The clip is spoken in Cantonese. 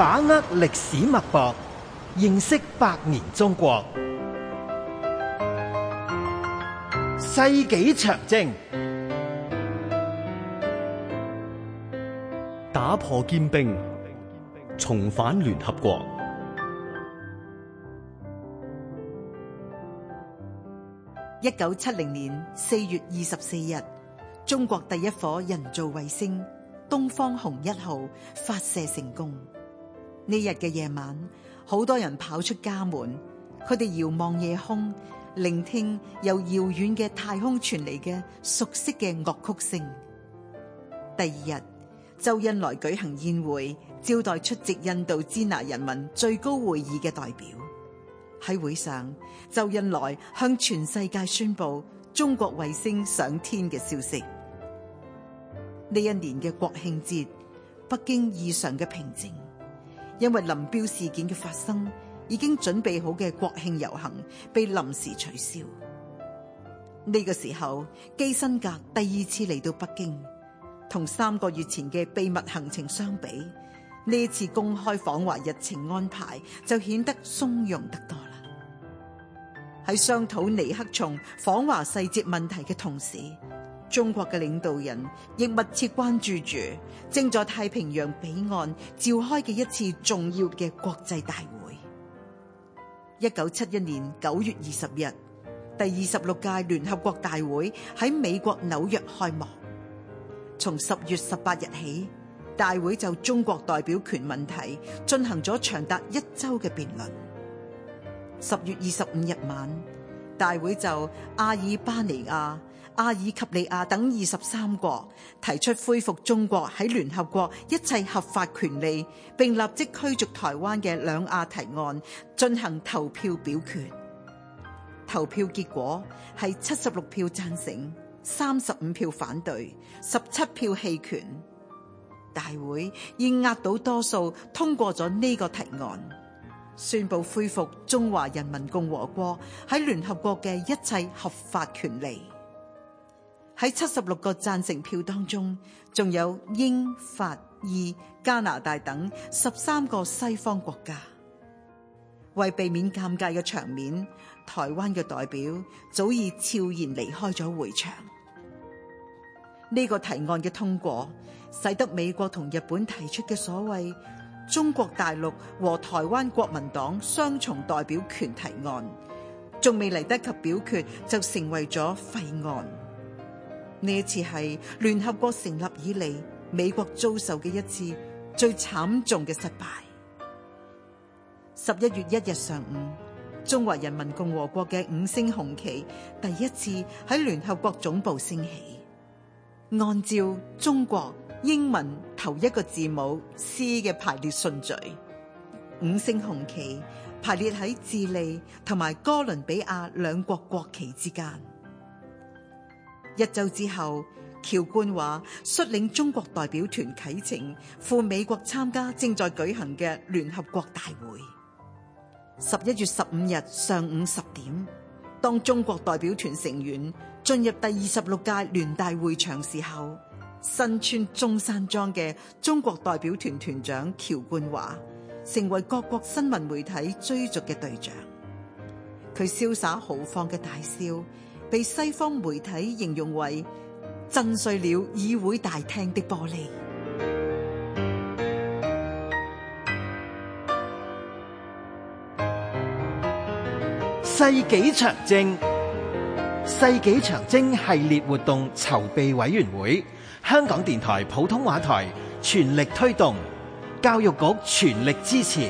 把握歷史脈搏，認識百年中國。世紀長征，打破堅冰，重返聯合國。一九七零年四月二十四日，中國第一顆人造衛星「東方紅一號」發射成功。呢日嘅夜晚，好多人跑出家門，佢哋遙望夜空，聆聽由遙遠嘅太空傳嚟嘅熟悉嘅樂曲聲。第二日，周恩來舉行宴會，招待出席印度支那人民最高會議嘅代表。喺會上，周恩來向全世界宣布中國衛星上天嘅消息。呢一年嘅國慶節，北京異常嘅平靜。因為林彪事件嘅發生，已經準備好嘅國慶遊行被臨時取消。呢個時候，基辛格第二次嚟到北京，同三個月前嘅秘密行程相比，呢次公開訪華日程安排就顯得鬆容得多啦。喺商討尼克松訪華細節問題嘅同時，中國嘅領導人亦密切關注住正在太平洋彼岸召開嘅一次重要嘅國際大會。一九七一年九月二十日，第二十六屆聯合國大會喺美國紐約開幕。從十月十八日起，大會就中國代表權問題進行咗長達一周嘅辯論。十月二十五日晚，大會就阿爾巴尼亞。阿爾及利亞等二十三國提出恢復中國喺聯合國一切合法權利，並立即驅逐台灣嘅兩亞提案進行投票表決。投票結果係七十六票贊成，三十五票反對，十七票棄權。大會以壓倒多數通過咗呢個提案，宣布恢復中華人民共和國喺聯合國嘅一切合法權利。喺七十六個贊成票當中，仲有英、法、意、加拿大等十三個西方國家。為避免尷尬嘅場面，台灣嘅代表早已悄然離開咗會場。呢、這個提案嘅通過，使得美國同日本提出嘅所謂中國大陸和台灣國民黨雙重代表權提案，仲未嚟得及表決，就成為咗廢案。呢一次係聯合國成立以嚟美國遭受嘅一次最慘重嘅失敗。十一月一日上午，中華人民共和國嘅五星紅旗第一次喺聯合國總部升起。按照中國英文頭一個字母 C 嘅排列順序，五星紅旗排列喺智利同埋哥倫比亞兩國國旗之間。一周之後，喬冠華率領中國代表團啟程赴美國參加正在舉行嘅聯合國大會。十一月十五日上午十點，當中國代表團成員進入第二十六屆聯大會場時候，身穿中山裝嘅中國代表團團長喬冠華成為各國新聞媒體追逐嘅對象。佢瀟灑豪放嘅大笑。被西方媒體形容為震碎了議會大廳的玻璃。世紀長征、世紀長征系列活動籌備委員會，香港電台普通話台全力推動，教育局全力支持。